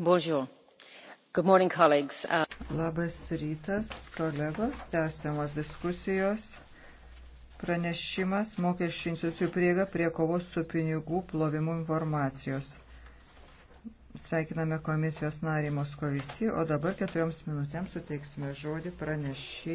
Morning, uh, Labas rytas, kolegos. Tęsiamos diskusijos. Pranešimas mokesčių institucijų prieiga prie kovos su pinigų plovimu informacijos. Sveikiname komisijos narį Moskovici, o dabar keturioms minutėms suteiksime žodį pranešiai.